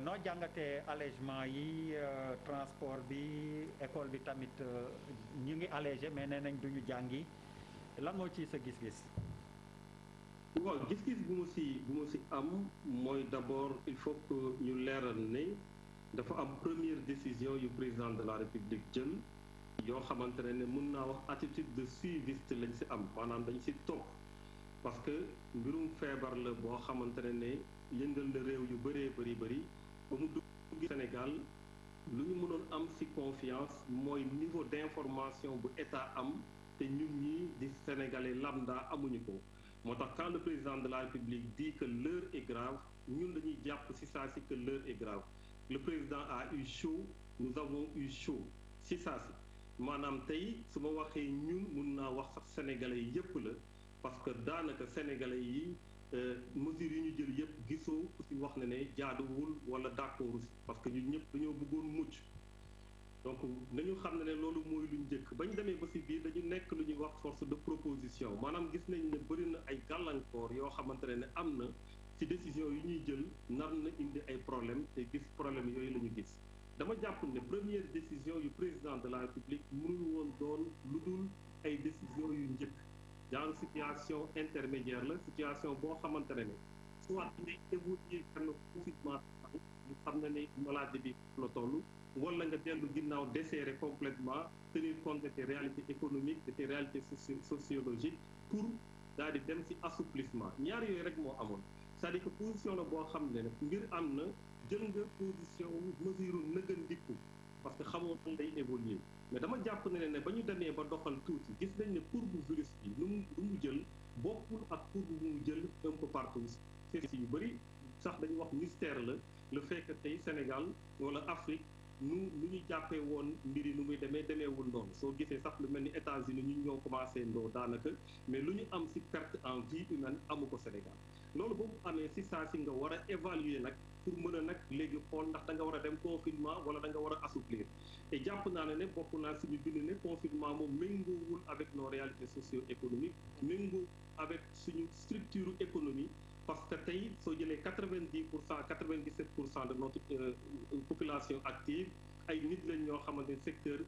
no jangate allègement yi euh, transport bi école bi tamit euh, ñu ngi allégé mais nee duñu jangi lan mo ci sa gis-gis waaw gis-gis bu mu si bu mu si am moy d'abord il faut que ñu leeral né dafa am première décision yu président de la république jël yo xamantene ne mën naa wax attitude de suiviste lañ ci am maanaam dañ ci top parce que mbirum feebar la bo xamantene ne yëngal na réew yu bëree bëri bëri au mu Sénégal lu ñu mënoon am ci confiance moi niveau d'information bu état am te ñun ñi di sénégalais lambda amuñu ko motax quand le président de la République dit que l'heure est grave ñun dañuy japp ci ça si que l'heure est grave le président a eu chaud nous avons eu chaud ci ça. si maanaam tey su ma ñun mun naa wax sax sénégalais yépp la parce que danaka sénégalais yi euh, mesures yi ñu wax na ne jaaduwul wala d'accord parce que ñu ñëpp dañoo bëggoon mucc donc nañu xam ne ne loolu mooy lu njëkk bañ demee ba si biir dañu nekk lu ñuy wax force de proposition maanaam gis nañ ne bëri na ay gàllankoor yoo xamante ne ne am na ci décision yu ñuy jël nar na indi ay problème te gis problème yooyu la ñu gis dama jàpp ne première décision yu président de la république mënul woon doon lu dul ay décision yu njëkk genre situation intermédiaire la situation boo xamante ne ne soit nga évoluer ci kanam physiquement ñu xam na ne maladie bi la toll wala nga dellu ginnaaw desserrer complètement tenir compte de tes réalités économiques de tes réalités pour daal di dem ci assouplissement ñaar yooyu rek moo amoon sa à dire que position la boo xam ne nag mbir am na jël nga position mesure nëgëndiku parce que xamoo tan day évoluer mais dama jàpp ne ne ba ñu demee ba doxal tuuti gis nañ ne courbe virus bi nu partout sociétés yu bëri sax dañu wax mystère la lu fekk tey Sénégal wala Afrique nu nu ñu jàppee woon mbir yi nu muy demee demeewul noonu soo gisee sax lu mel ni États-Unis ñu ñoo commencé ndoo daanaka mais lu ñu am ci perte en vie humaine amu ko Sénégal loolu boobu amee si saa si nga war a évaluer nag pour mën nag léegi xool ndax da nga war a dem confinement wala danga nga war a assouplir te jàpp naa ne ne bokk naa suñu bind ne confinement moom méngoowul avec nos réalités socio économique méngoo avec suñu structure économie parce que tey soo jëlee quatre-vingt-dix pour cent quatre-vingt-dix-sept pour cent de notre euh, population active ay nit lañ ñoo xamante ne secteur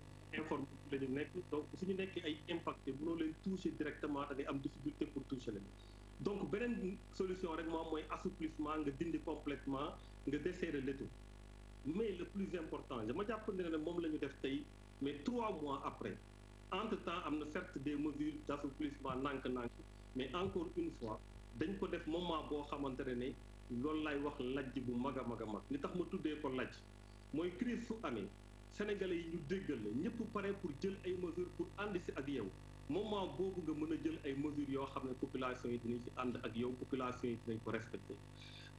informel la ñu nekk donc suñu nekkee ay impacté mënoo leen directement da ngay am difficulté pour toucher donc beneen solution rek moom mooy assouplissement nga dindi complètement nga desserrer le tout mais le plus important je jàpp ne ne moom le ñu def tey mais trois mois après entre temps am na certes des mesures d'assouplissement, nank nank, mais encore une fois dañ ko def moment boo xamante ne ne loolu lay wax lajj bu maga maga. mag a mag li tax ma tuddee ko lajj mooy crise su amee sénégalais yi ñu déggal la ñëpp pour jël ay mesures pour ànd si ak yow moment boobu nga mën a jël ay mesures yoo xam ne population yi dinañ ci ànd ak yow population yi dinañ ko respecté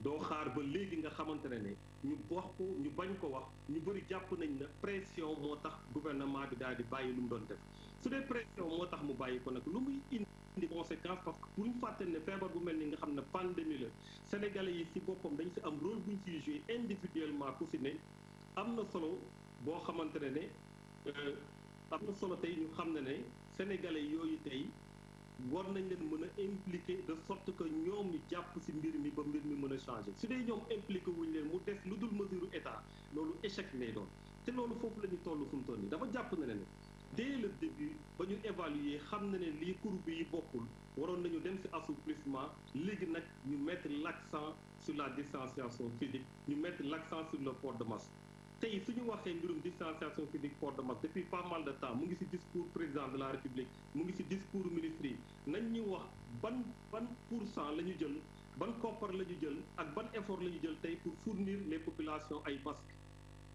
doo xaar ba léegi nga xamante ne ne ñu wax ko ñu bañ ko wax ñu bëri jàpp nañ na pression moo tax gouvernement bi daal di bàyyi lu mu doon def su dee pression moo tax mu bàyyi ko nag lu muy indi conséquence parce que pour ñu fàtte ne feebar bu mel ni nga xam ne pandémie la sénégalais yi si boppam dañ si am rôle buñ ñu siy joué individuellement ku si ne am na solo boo xamante ne ne euh, am na solo tey ñu xam ne ne sénégalais yooyu tey war nañ leen mën a impliqué de sorte que ñoom ñu jàpp ci mbir mi ba mbir mi mën a changé su dee ñoom impliqué wuñ leen mu def lu dul mesure état loolu échec lay doon te loolu foofu la ñu toll fu mu toll dafa jàpp na leen ne dès le début ba ñu évaluer xam na ne lii courbe yi bokkul waroon nañu dem ci assouplissement léegi nag ñu mettre l'accent sur la distanciation physique ñu mettre l'accent sur le port de masque tey su ñu waxee mbirum distanciation physique port de masque depuis pas mal de temps mu ngi ci discours mu ngi ci discours ministre yi nañ ñu wax ban ban pour cent la ñu jël ban koppar la ñu jël ak ban effort la ñu jël tey pour fournir les populations ay masques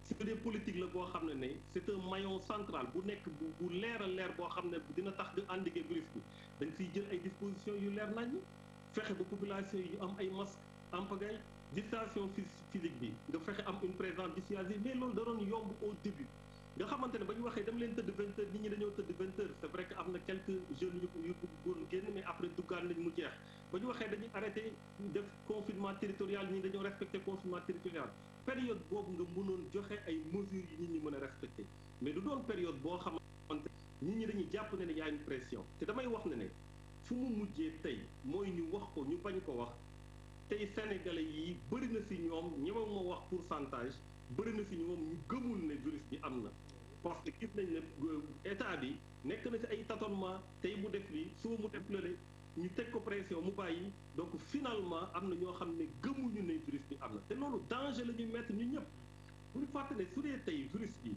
su dee politique la boo xam ne ne c'est un maillon central bu nekk bu leera leer a boo xam ne dina tax di endiguer virus bi dañ ciy jël ay dispositions yu leer nañ fexe ba population yi am ay masques en pagaille distanciation physique bi nga fexe am une présence dissuasive mais loolu da doon yomb au début nga xamante ne ba ñu waxee dem leen tëdd vingt heures nit ñi dañoo tëdd 20 heures c'est vrai que am na quelques jeunes yu yu bëggoon génn mais après duggaan lañ mu jeex ba ñu waxee dañuy arrêté def confinement territorial ñi dañoo respecté confinement territorial période boobu nga mënoon joxe ay mesures yi nit ñi mën a respecté mais du doon période boo xamante nit ñi dañuy jàpp ne ne yaa ngi pression te damay wax ne ne fu mu mujjee tey mooy ñu wax ko ñu bañ ko wax tey sénégalais yi bëri na si ñoom ñemewu ma wax pourcentage bëri na si ñoom ñu gëmul ne virus bi am na parce que gis nañ ne euh, état bi nekk na ci ay tâtonnement tey mu def li suba mu def lële ñu teg ko pression mu bàyyi donc finalement am na ñoo xam ne ñu ne virus bi am na te loolu danger la ñuy mettre ñu ñëpp bu ñu fàttali ne su dee tey virus bi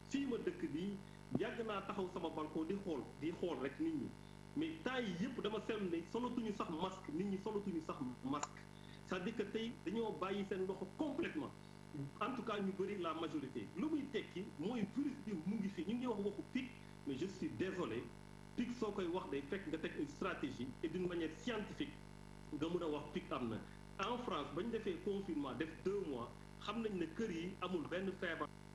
fii ma dëkk bi yàgg naa taxaw sama balcon di xool di xool rek nit ñi mais temps yi yëpp dama seetlu ne solatuñu sax masque nit ñi solatuñu sax masque c'est-à-dire que tey dañoo bàyyi seen loxo complètement en tout cas ñu bëri la majorité lu muy tekki mooy virus bi mu ngi fi ñu ngi wax waxu pic mais je suis désolé pic soo koy wax day fekk nga teg une stratégie et d'une manière scientifique nga mën a wax pic am na en France bañ ñu defee confinement def deux mois xam nañ ne kër yi amul benn feebar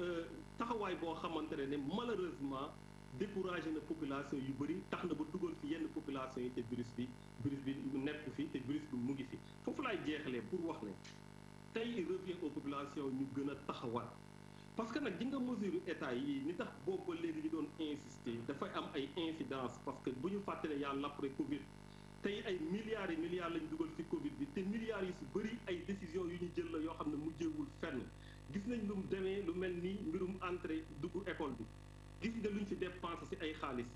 Euh, taxawaay boo xamantene ne malheureusement découragé na population yu bëri tax na ba dugal fi yenn population yi te virus bi virus bi nekk fi te virus bi mu ngi fi foofu laay jeexalee pour wax ne tey revient aux populations ñu gën a taxawaat parce que nag di nga mesure état yi ni tax boobu ba léegi ñu doon insister dafay am ay incidence parce que bu ñu fàttale yàlla l'après Covid tey ay milliards yi milliards lañ dugal fi Covid bi te milliards yi su bëri ay décision yu ñu jël la yoo xam ne mujjeewul fenn gis nañ lu mu demee lu mel ni mbirum entrée dugg école bi gis nga luñ fi dépensé ci ay xaalis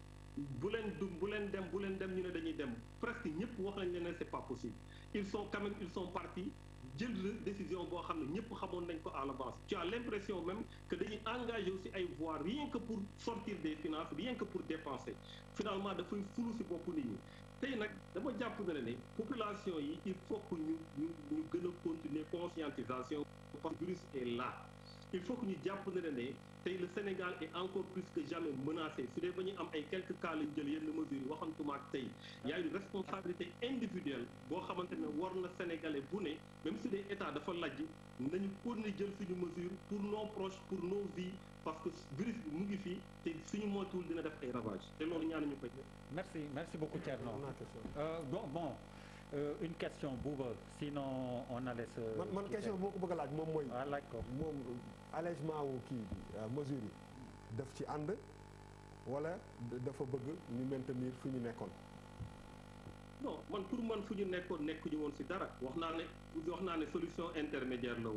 bu leen du bu leen dem bu leen dem ñu ne dañuy dem presque ñëpp wax nañ ne c'est pas possible ils sont quand même ils sont partis jël la décision boo xam ne ñëpp xamoon nañ ko à l'avance tu as l'impression même que dañuy engagé aussi ay voies rien que pour sortir des finances rien que pour dépenser finalement dafay fulu ci bopp nit ñi tey nag dama jàpp na ne ne population yi il faut que ñu ñu ñu gën a continuer conscientisation coronavirus est là il faut que nous jàpp ne le Sénégal est encore plus que jamais menacé Sur nous avons quelques cas de mesures waxantuma y a une responsabilité individuelle boo xamante ne war le sénégalais bu ne même si dee nous dafa lajj nañu continuer jël suñu mesure pour nos proches pour nos vies parce que virus est mu ngi un signe suñu ravage. dina def ay merci merci beaucoup Thierno. Euh, bon. Euh, une question sinon on allait se. Euh, man question a ah, allègement non man pour man dara ne solution intermédiaire la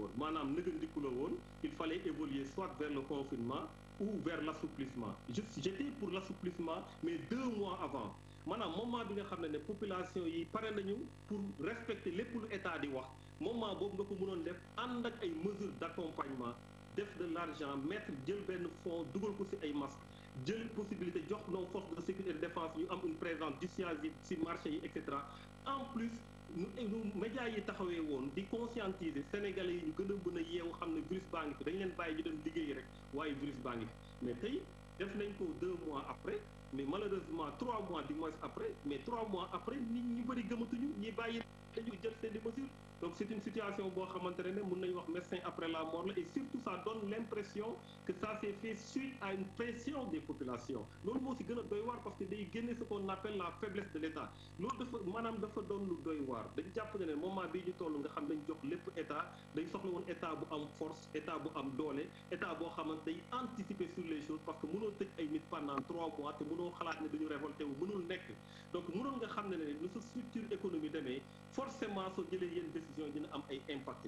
il fallait évoluer soit vers le confinement ou vers l'assouplissement j'étais pour l'assouplissement mais deux mois avant maanaam moment bi nga xam ne ne population yi pare nañu pour respecter lépp lu état di wax moment boobu nga ko mënoon def ànd ak ay mesures d'accompagnement def de l'argent mettre jël benn fonds dugal ko ci ay masques jël possibilité jox nos force de sécurité et de défense ñu am une présence dissuasive ci marché yi et cetera en plus ñu médias yi taxawee woon di conscientiser sénégalais yi ñu gën a mën a yeewu xam ne virus baa ngi fi dañ leen bàyyi ñu dem liggéey rek waaye virus baa ngi fi mais tey def nañ deux mois après mais malheureusement trois mois du mois après mais trois mois après nit ne bëri gëmatuñu ñi bàyyi dañu jël seen i mesures donc c'est une situation boo xamante ne mun wax médecin après la mort et surtout ça donne l'impression que ça s'est fait suite à une pression des populations Nous, nous, si gën a doy parce que nous génne ce qu'on appelle la faiblesse de l'État Nous, madame, nous dafa nous devoir doy waar dañ jàpp ne moment bii ñu toll nga xam dañ jox État dañ soxla État bu am force État bu am doole État bo xamante anticiper sur les choses parce que mënoo tëj ay nit pendant trois mois te mënoo xalaat ne dañu révolté wu mënul nekk donc nous nga xam ne ne nu notre structure économique demee forcément soo jëlee yéen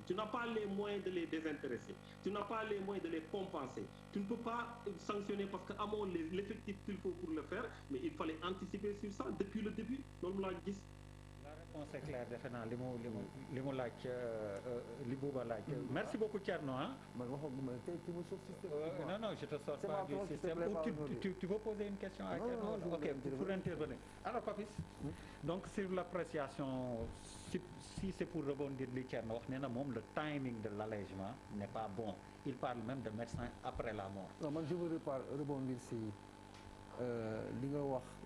tu n'as pas les moyens de les désintéresser tu n'as pas les moyens de les compenser tu ne peux pas sanctionner parce que mon l'effectif qu'il faut pour le faire mais il fallait anticiper sur ça depuis le début c'est clair defe naa li mu li mu li mu laaj euh, euh, li buuba laaj. merci beaucoup Thierno ah. man tu me système. non non je te sors pas du système oh, tu tu tu veux poser une question à Thierno. ok pour intervenir alors Papis. donc sur l'appréciation si c'est pour rebondir li Thierno wax nee na le timing de l'allègement n'est pas bon il parle même de médecins après la mort. non man je veux rebondir si euh, li nga wax.